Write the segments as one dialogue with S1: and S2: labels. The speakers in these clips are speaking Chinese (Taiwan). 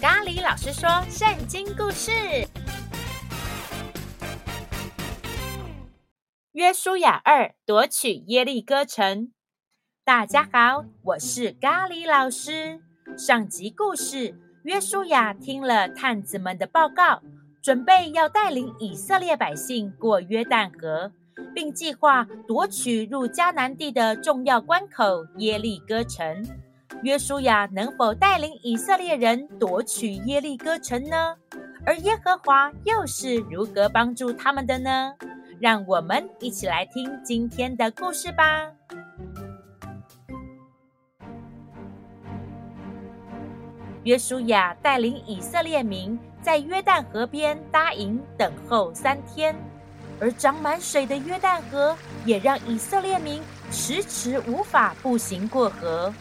S1: 咖喱老師說聖經故事：約書亞二奪取耶利哥城。大家好，我是咖喱老師。上集故事，約書亞聽了探子們的報告，準備要帶領以色列百姓過約旦河，並計劃奪取入迦南地的重要關口耶利哥城。約書亞能否帶領以色列人奪取耶利哥城呢？而耶和華又是如何幫助他們的呢？讓我們一起來聽今天的故事吧。約書亞帶領以色列民在約旦河邊搭營等候三天，而漲滿水的約旦河也讓以色列民遲遲無法步行過河。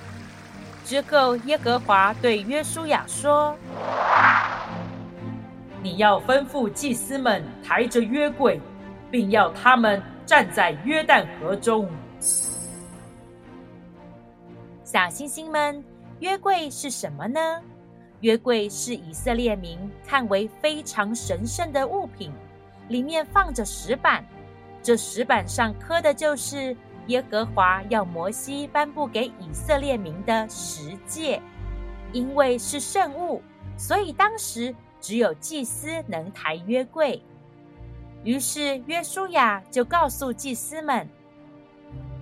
S1: 之後，耶和華對約書亞說：“你要吩咐祭司們抬着約櫃，並要他們站在約旦河中。”小星星們，約櫃是什麼呢？約櫃是以色列民看為非常神聖的物品，裡面放着石板，這石板上刻的就是。耶和華要摩西頒布給以色列民的十誡，因為是聖物，所以當時只有祭司能抬約櫃。於是約書亞就告訴祭司們：“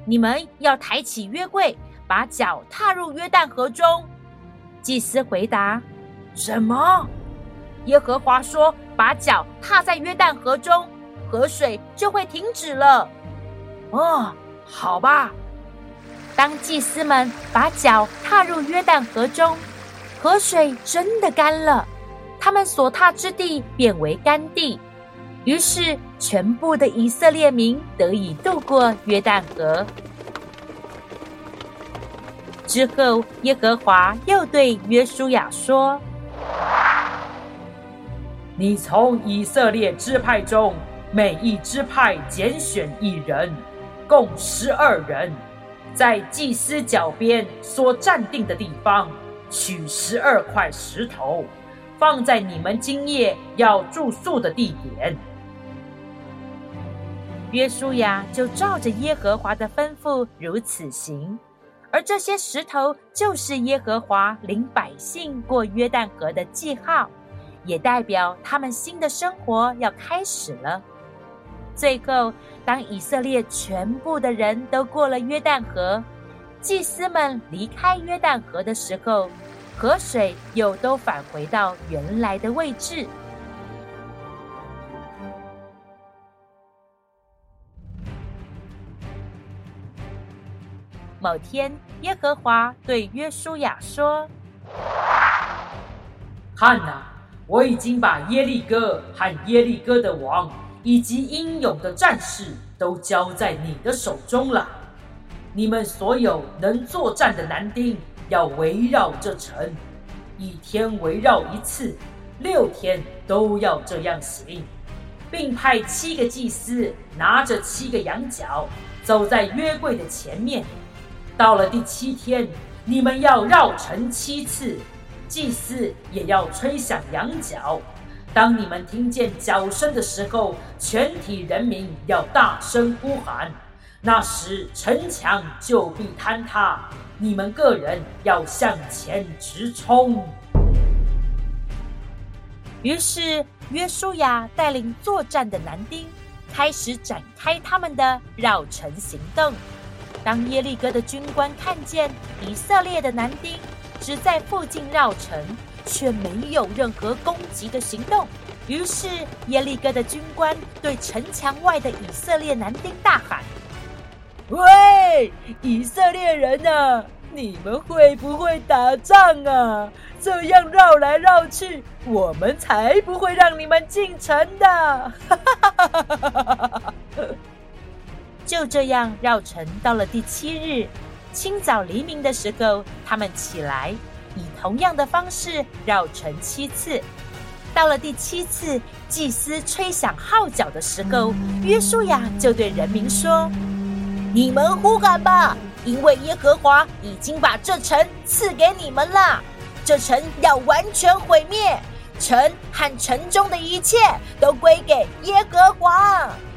S1: 你們要抬起約櫃，把腳踏入約旦河中。”祭司回答：“什麼？”耶和華說：“把腳踏在約旦河中，河水就會停止了。哦”哦好吧，當祭司們把腳踏入約旦河中，河水真的乾了，他們所踏之地變為乾地，於是全部的以色列民得以渡過約旦河。之後，耶和華又對約書亞說：“你從以色列支派中每一支派揀選一人。”共十二人，在祭司腳邊所站定的地方，取十二塊石頭，放在你們今夜要住宿的地點。約書亞就照着耶和華的吩咐如此行，而這些石頭就是耶和華領百姓過約旦河的記號，也代表他們新的生活要開始了。最後。當以色列全部的人都過了約旦河，祭司們離開約旦河的時候，河水又都返回到原來的位置。某天，耶和華對約書亞說：“看哪，我已經把耶利哥和耶利哥的王。”以及英勇的戰士都交在你的手中了。你們所有能作戰的男丁要圍繞這城，一天圍繞一次，六天都要這樣行，並派七個祭司拿着七個羊角走在約櫃的前面。到了第七天，你們要繞城七次，祭司也要吹響羊角。當你們聽見角聲的時候，全體人民要大聲呼喊。那時城牆就必坍塌，你們個人要向前直衝。於是約書亞帶領作戰的男丁，開始展開他們的繞城行動。當耶利哥的軍官看見以色列的男丁只在附近繞城。卻沒有任何攻擊的行動。於是耶利哥的軍官對城牆外的以色列男丁大喊：“喂，以色列人啊，你們會不會打仗啊？這樣繞來繞去，我們才不會讓你們進城的。 ”就這樣繞城，到了第七日清早黎明的時候，他們起來。以同樣的方式繞城七次，到了第七次，祭司吹響號角的時候，約書亞就對人民說：“ 你們呼喊吧，因為耶和華已經把這城賜給你們了。這城要完全毀滅，城和城中的一切都歸給耶和華。”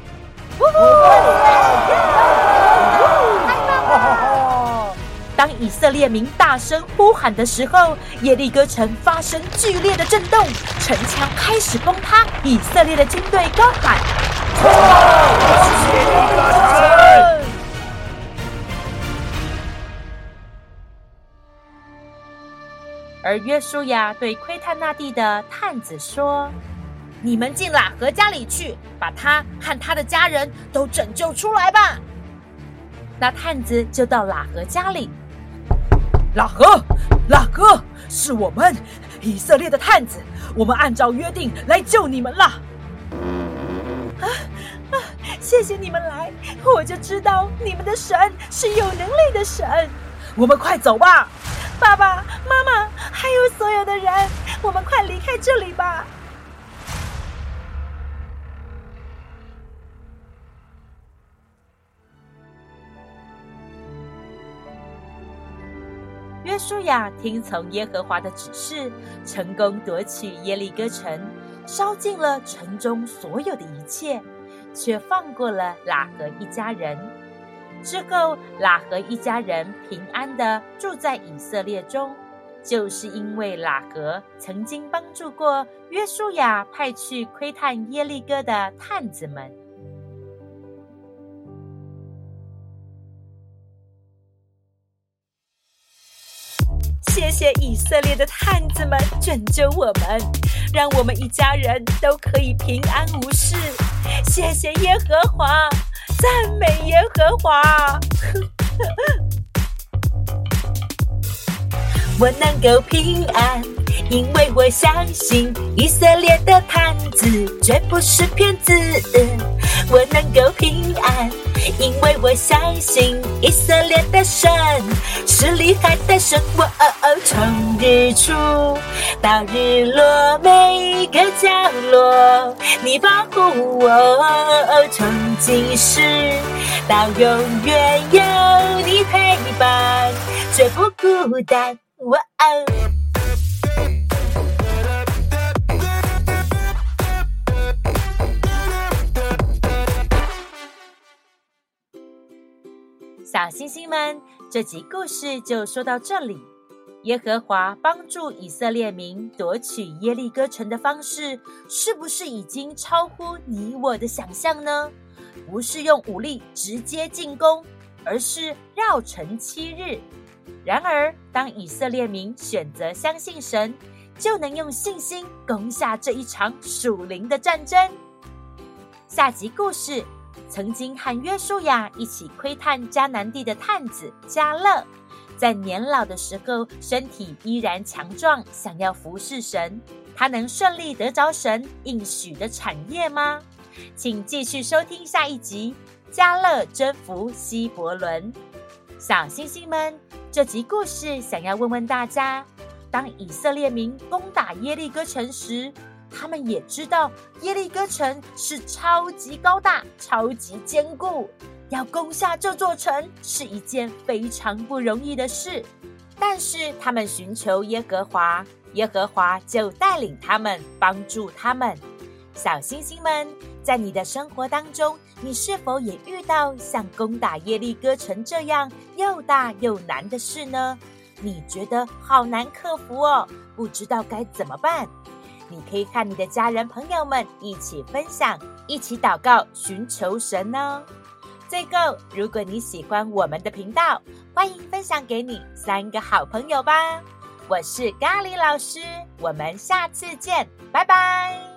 S1: 當以色列民大聲呼喊的時候，耶利哥城發生劇烈的震動，城牆開始崩塌。以色列的軍隊高喊：“衝！”而約書亞對窺探那地的探子說：“你們進喇合家裡去，把他和他的家人都拯救出來吧。”那探子就到喇合家裡。喇合，喇合，是我們，以色列的探子。我們按照約定來救你們了。啊啊！謝謝你們來，我就知道你們的神是有能力的神。我們快走吧，爸爸媽媽，還有所有的人，我們快離開這裡吧。約書亞聽從耶和華的指示，成功奪取耶利哥城，燒盡了城中所有的一切，卻放過了喇合一家人。之後，喇合一家人平安地住在以色列中，就是因為喇合曾經幫助過約書亞派去窺探耶利哥的探子們。謝謝以色列的探子們拯救我們，讓我們一家人都可以平安無事。謝謝耶和華，讚美耶和華。 我能夠平安，因為我相信以色列的探子絕不是騙子。我能夠平安。因為我相信以色列的神是厲害的神，哇哦，哦！從日出到日落，每一個角落你保護我，哦！從今世到永遠，有你陪伴，絕不孤單，哇哦，哦！小星星們，這集故事就說到這裡。耶和華幫助以色列民奪取耶利哥城的方式，是不是已經超乎你我的想象呢？不是用武力直接進攻，而是繞城七日。然而，當以色列民選擇相信神，就能用信心攻下這一場屬靈的戰爭。下集故事。曾經和約書亞一起窺探迦南地的探子迦勒，在年老的時候身體依然強壯，想要服侍神，他能順利得着神應許的產業嗎？請繼續收聽下一集《迦勒征服希伯崙》。小星星們，這集故事想要問問大家：當以色列民攻打耶利哥城時，他們也知道耶利哥城是超級高大、超級堅固，要攻下這座城是一件非常不容易的事。但是他們尋求耶和華，耶和華就帶領他們，幫助他們。小星星們，在你的生活當中，你是否也遇到像攻打耶利哥城這樣又大又難的事呢？你覺得好難克服哦，不知道該怎麼辦？你可以和你的家人、朋友們一起分享，一起禱告，尋求神哦。最後，如果你喜歡我們的頻道，歡迎分享給你三個好朋友吧。我是咖喱老師，我們下次見，拜拜。